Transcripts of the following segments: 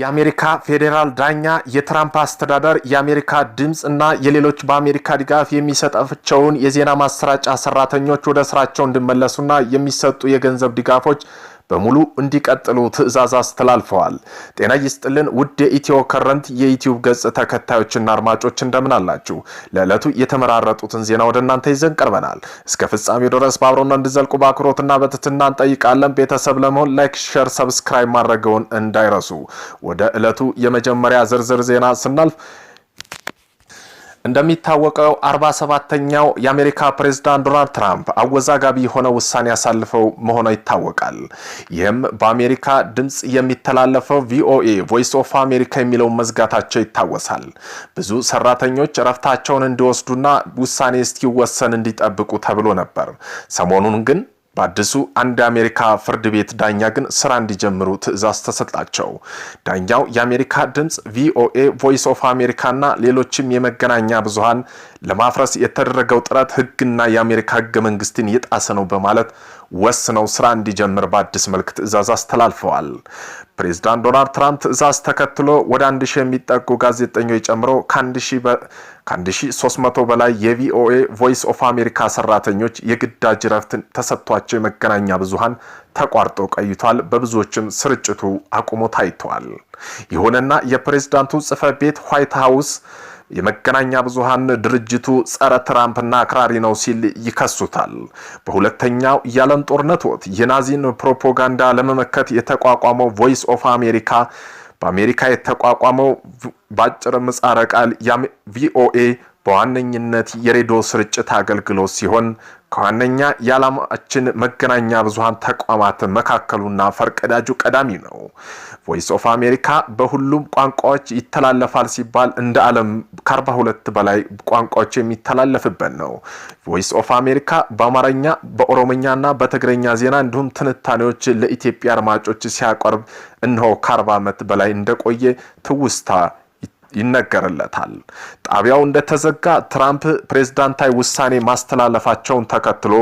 የአሜሪካ ፌዴራል ዳኛ የትራምፕ አስተዳደር የአሜሪካ ድምፅ እና የሌሎች በአሜሪካ ድጋፍ የሚሰጣቸውን የዜና ማሰራጫ ሰራተኞች ወደ ስራቸው እንዲመለሱና የሚሰጡ የገንዘብ ድጋፎች በሙሉ እንዲቀጥሉ ትዕዛዝ አስተላልፈዋል። ጤና ይስጥልን ውድ የኢትዮ ከረንት የዩትዩብ ገጽ ተከታዮችና አድማጮች እንደምን አላችሁ? ለዕለቱ የተመራረጡትን ዜና ወደ እናንተ ይዘን ቀርበናል። እስከ ፍጻሜው ድረስ በአብሮና እንድዘልቁ በአክብሮትና በትትና እንጠይቃለን። ቤተሰብ ለመሆን ላይክ፣ ሸር፣ ሰብስክራይብ ማድረገውን እንዳይረሱ። ወደ ዕለቱ የመጀመሪያ ዝርዝር ዜና ስናልፍ እንደሚታወቀው 47ተኛው የአሜሪካ ፕሬዝዳንት ዶናልድ ትራምፕ አወዛጋቢ የሆነ ውሳኔ ያሳልፈው መሆኗ ይታወቃል። ይህም በአሜሪካ ድምፅ የሚተላለፈው ቪኦኤ ቮይስ ኦፍ አሜሪካ የሚለውን መዝጋታቸው ይታወሳል። ብዙ ሰራተኞች እረፍታቸውን እንዲወስዱና ውሳኔ እስኪወሰን እንዲጠብቁ ተብሎ ነበር። ሰሞኑን ግን በአዲሱ አንድ የአሜሪካ ፍርድ ቤት ዳኛ ግን ስራ እንዲጀምሩ ትዕዛዝ ተሰጣቸው። ዳኛው የአሜሪካ ድምፅ፣ ቪኦኤ፣ ቮይስ ኦፍ እና ሌሎችም የመገናኛ ብዙሃን ለማፍረስ የተደረገው ጥረት ህግና የአሜሪካ ህገ መንግስትን የጣሰ ነው በማለት ወስነው ስራ እንዲጀምር በአዲስ መልክ ትዕዛዝ አስተላልፈዋል። ፕሬዚዳንት ዶናልድ ትራምፕ ትዕዛዝ ተከትሎ ወደ ሺህ የሚጠጉ ጋዜጠኞች ጨምሮ ከ1300 በላይ የቪኦኤ ቮይስ ኦፍ አሜሪካ ሰራተኞች የግዳጅ ረፍት ተሰጥቷቸው የመገናኛ ብዙሃን ተቋርጦ ቆይቷል። በብዙዎችም ስርጭቱ አቁሞ ታይተዋል። ይሁንና የፕሬዝዳንቱ ጽህፈት ቤት ዋይት ሀውስ የመገናኛ ብዙሃን ድርጅቱ ጸረ ትራምፕና አክራሪ ነው ሲል ይከሱታል። በሁለተኛው የዓለም ጦርነት ወቅት የናዚን ፕሮፓጋንዳ ለመመከት የተቋቋመው ቮይስ ኦፍ አሜሪካ በአሜሪካ የተቋቋመው በአጭር ምጻረ ቃል ቪኦኤ በዋነኝነት የሬዲዮ ስርጭት አገልግሎት ሲሆን ከዋነኛ የዓላማችን መገናኛ ብዙሃን ተቋማት መካከሉና ፈርቀዳጁ ቀዳሚ ነው። ቮይስ ኦፍ አሜሪካ በሁሉም ቋንቋዎች ይተላለፋል ሲባል እንደ ዓለም ከ42 በላይ ቋንቋዎች የሚተላለፍበት ነው። ቮይስ ኦፍ አሜሪካ በአማርኛ በኦሮምኛና በትግረኛ ዜና እንዲሁም ትንታኔዎች ለኢትዮጵያ አድማጮች ሲያቀርብ እነሆ ከ40 ዓመት በላይ እንደቆየ ትውስታ ይነገርለታል። ጣቢያው እንደተዘጋ ትራምፕ ፕሬዝዳንታዊ ውሳኔ ማስተላለፋቸውን ተከትሎ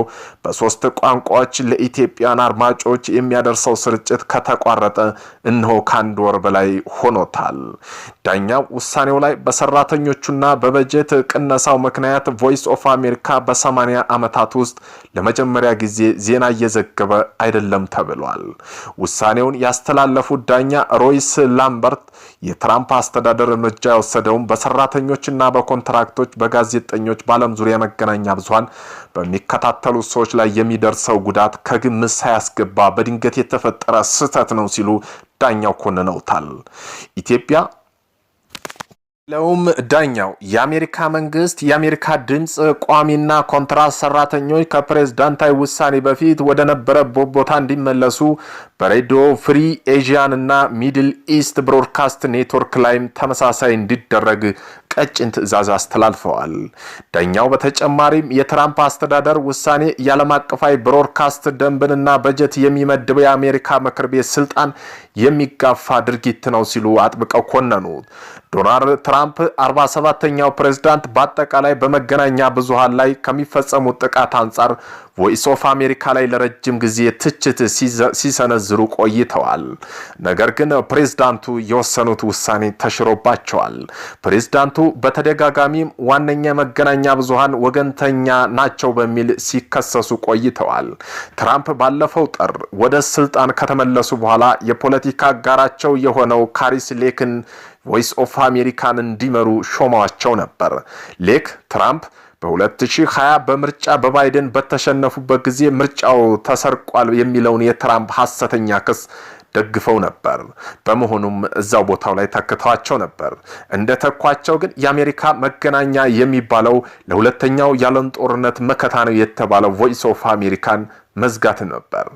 በሶስት ቋንቋዎች ለኢትዮጵያን አድማጮች የሚያደርሰው ስርጭት ከተቋረጠ እነሆ ከአንድ ወር በላይ ሆኖታል። ዳኛው ውሳኔው ላይ በሰራተኞቹና በበጀት ቅነሳው ምክንያት ቮይስ ኦፍ አሜሪካ በሰማንያ ዓመታት ውስጥ ለመጀመሪያ ጊዜ ዜና እየዘገበ አይደለም ተብሏል። ውሳኔውን ያስተላለፉት ዳኛ ሮይስ ላምበርት የትራምፕ አስተዳደር እርምጃ የወሰደውም በሰራተኞችና በኮንትራክቶች በጋዜጠኞች በዓለም ዙሪያ መገናኛ ብዙሀን በሚከታተሉ ሰዎች ላይ የሚደርሰው ጉዳት ከግምት ሳያስገባ በድንገት የተፈጠረ ስህተት ነው ሲሉ ዳኛው ኮንነውታል። ኢትዮጵያ ለውም ዳኛው የአሜሪካ መንግስት የአሜሪካ ድምፅ ቋሚና ኮንትራት ሰራተኞች ከፕሬዝዳንታዊ ውሳኔ በፊት ወደ ነበረበት ቦታ እንዲመለሱ በሬዲዮ ፍሪ ኤዥያን እና ሚድል ኢስት ብሮድካስት ኔትወርክ ላይም ተመሳሳይ እንዲደረግ ቀጭን ትዕዛዝ አስተላልፈዋል። ዳኛው በተጨማሪም የትራምፕ አስተዳደር ውሳኔ የዓለም አቀፋዊ ብሮድካስት ደንብንና በጀት የሚመድበው የአሜሪካ ምክር ቤት ስልጣን የሚጋፋ ድርጊት ነው ሲሉ አጥብቀው ኮነኑ። ዶናልድ ትራምፕ 47ኛው ፕሬዝዳንት በአጠቃላይ በመገናኛ ብዙሃን ላይ ከሚፈጸሙት ጥቃት አንጻር ቮይስ ኦፍ አሜሪካ ላይ ለረጅም ጊዜ ትችት ሲሰነዝሩ ቆይተዋል። ነገር ግን ፕሬዝዳንቱ የወሰኑት ውሳኔ ተሽሮባቸዋል። ፕሬዝዳንቱ በተደጋጋሚም ዋነኛ መገናኛ ብዙሃን ወገንተኛ ናቸው በሚል ሲከሰሱ ቆይተዋል። ትራምፕ ባለፈው ጥር ወደ ስልጣን ከተመለሱ በኋላ የፖለቲካ አጋራቸው የሆነው ካሪስ ሌክን ቮይስ ኦፍ አሜሪካን እንዲመሩ ሾመዋቸው ነበር። ሌክ ትራምፕ በ2020 በምርጫ በባይደን በተሸነፉበት ጊዜ ምርጫው ተሰርቋል የሚለውን የትራምፕ ሐሰተኛ ክስ ደግፈው ነበር። በመሆኑም እዛው ቦታው ላይ ተክተዋቸው ነበር። እንደ ተኳቸው ግን የአሜሪካ መገናኛ የሚባለው ለሁለተኛው የዓለም ጦርነት መከታ ነው የተባለው ቮይስ ኦፍ አሜሪካን መዝጋት ነበር።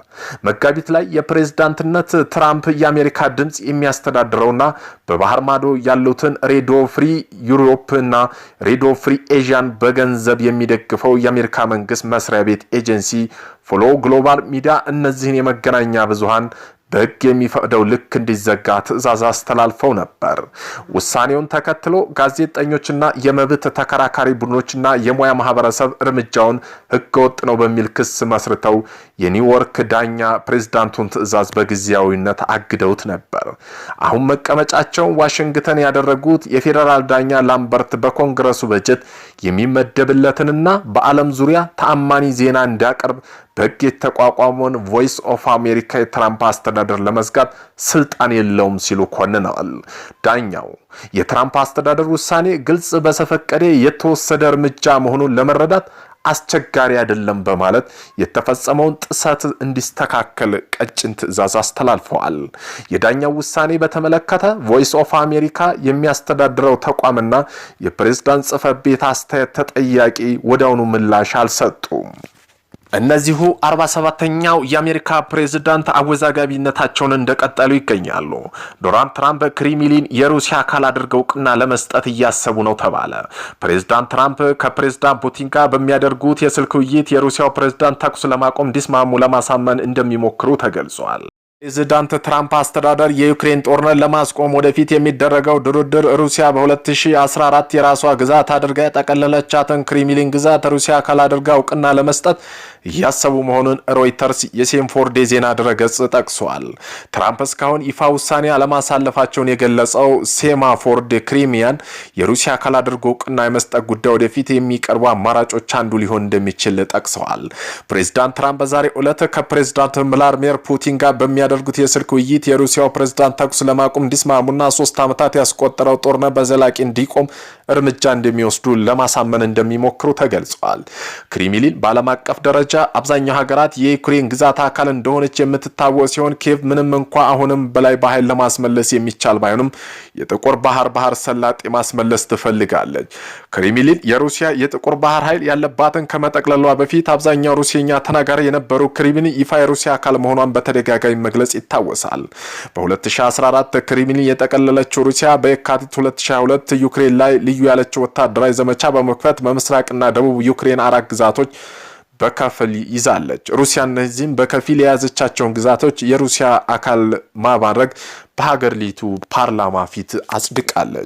መጋቢት ላይ የፕሬዝዳንትነት ትራምፕ የአሜሪካ ድምፅ የሚያስተዳድረውና በባህር ማዶ ያሉትን ሬዲዮ ፍሪ ዩሮፕና ሬዲዮ ፍሪ ኤዥያን በገንዘብ የሚደግፈው የአሜሪካ መንግስት መስሪያ ቤት ኤጀንሲ ፎሎ ግሎባል ሚዲያ እነዚህን የመገናኛ ብዙሃን በሕግ የሚፈቅደው ልክ እንዲዘጋ ትዕዛዝ አስተላልፈው ነበር። ውሳኔውን ተከትሎ ጋዜጠኞችና የመብት ተከራካሪ ቡድኖችና የሙያ ማህበረሰብ እርምጃውን ህገወጥ ነው በሚል ክስ መስርተው የኒውዮርክ ዳኛ ፕሬዝዳንቱን ትዕዛዝ በጊዜያዊነት አግደውት ነበር። አሁን መቀመጫቸውን ዋሽንግተን ያደረጉት የፌዴራል ዳኛ ላምበርት በኮንግረሱ በጀት የሚመደብለትንና በዓለም ዙሪያ ተአማኒ ዜና እንዲያቀርብ በሕግ የተቋቋመውን ቮይስ ኦፍ አሜሪካ የትራምፕ አስተዳደር ለመዝጋት ስልጣን የለውም ሲሉ ኮንነዋል። ዳኛው የትራምፕ አስተዳደር ውሳኔ ግልጽ፣ በተፈቀደ የተወሰደ እርምጃ መሆኑን ለመረዳት አስቸጋሪ አይደለም በማለት የተፈጸመውን ጥሰት እንዲስተካከል ቀጭን ትዕዛዝ አስተላልፈዋል። የዳኛው ውሳኔ በተመለከተ ቮይስ ኦፍ አሜሪካ የሚያስተዳድረው ተቋምና የፕሬዝዳንት ጽህፈት ቤት አስተያየት ተጠያቂ ወዲያውኑ ምላሽ አልሰጡም። እነዚሁ 47ተኛው የአሜሪካ ፕሬዝዳንት አወዛጋቢነታቸውን እንደቀጠሉ ይገኛሉ። ዶናልድ ትራምፕ ክሪምሊን የሩሲያ አካል አድርገው እውቅና ለመስጠት እያሰቡ ነው ተባለ። ፕሬዝዳንት ትራምፕ ከፕሬዝዳንት ፑቲን ጋር በሚያደርጉት የስልክ ውይይት የሩሲያው ፕሬዝዳንት ተኩስ ለማቆም እንዲስማሙ ለማሳመን እንደሚሞክሩ ተገልጿል። ፕሬዚዳንት ትራምፕ አስተዳደር የዩክሬን ጦርነት ለማስቆም ወደፊት የሚደረገው ድርድር ሩሲያ በ2014 የራሷ ግዛት አድርጋ የጠቀለለቻትን ክሪምሊን ግዛት ሩሲያ ካላድርጋ እውቅና ለመስጠት እያሰቡ መሆኑን ሮይተርስ የሴንፎርድ የዜና ድረገጽ ጠቅሷል። ትራምፕ እስካሁን ይፋ ውሳኔ አለማሳለፋቸውን የገለጸው ሴማፎርድ ክሪሚያን የሩሲያ አካል አድርጎ እውቅና የመስጠት ጉዳይ ወደፊት የሚቀርቡ አማራጮች አንዱ ሊሆን እንደሚችል ጠቅሰዋል። ፕሬዚዳንት ትራምፕ በዛሬ ዕለት ከፕሬዚዳንት ቭላድሚር ፑቲን ጋር በሚያ በሚያደርጉት የስልክ ውይይት የሩሲያው ፕሬዝዳንት ተኩስ ለማቆም እንዲስማሙና ሶስት ዓመታት ያስቆጠረው ጦርነት በዘላቂ እንዲቆም እርምጃ እንደሚወስዱ ለማሳመን እንደሚሞክሩ ተገልጸዋል። ክሪምሊን በዓለም አቀፍ ደረጃ አብዛኛው ሀገራት የዩክሬን ግዛት አካል እንደሆነች የምትታወቅ ሲሆን ኬቭ ምንም እንኳ አሁንም በላይ በኃይል ለማስመለስ የሚቻል ባይሆንም የጥቁር ባህር ባህር ሰላጤ ማስመለስ ትፈልጋለች። ክሪምሊን የሩሲያ የጥቁር ባህር ኃይል ያለባትን ከመጠቅለሏ በፊት አብዛኛው ሩሲኛ ተናጋሪ የነበሩ ክሪምሊን ይፋ የሩሲያ አካል መሆኗን በተደጋጋሚ መግለጽ መግለጽ ይታወሳል። በ2014 ክሪሚን የጠቀለለችው ሩሲያ በየካቲት 2022 ዩክሬን ላይ ልዩ ያለችው ወታደራዊ ዘመቻ በመክፈት በምስራቅና ደቡብ ዩክሬን አራት ግዛቶች በከፊል ይዛለች። ሩሲያ እነዚህም በከፊል የያዘቻቸውን ግዛቶች የሩሲያ አካል ማባረግ በሀገሪቱ ፓርላማ ፊት አጽድቃለች።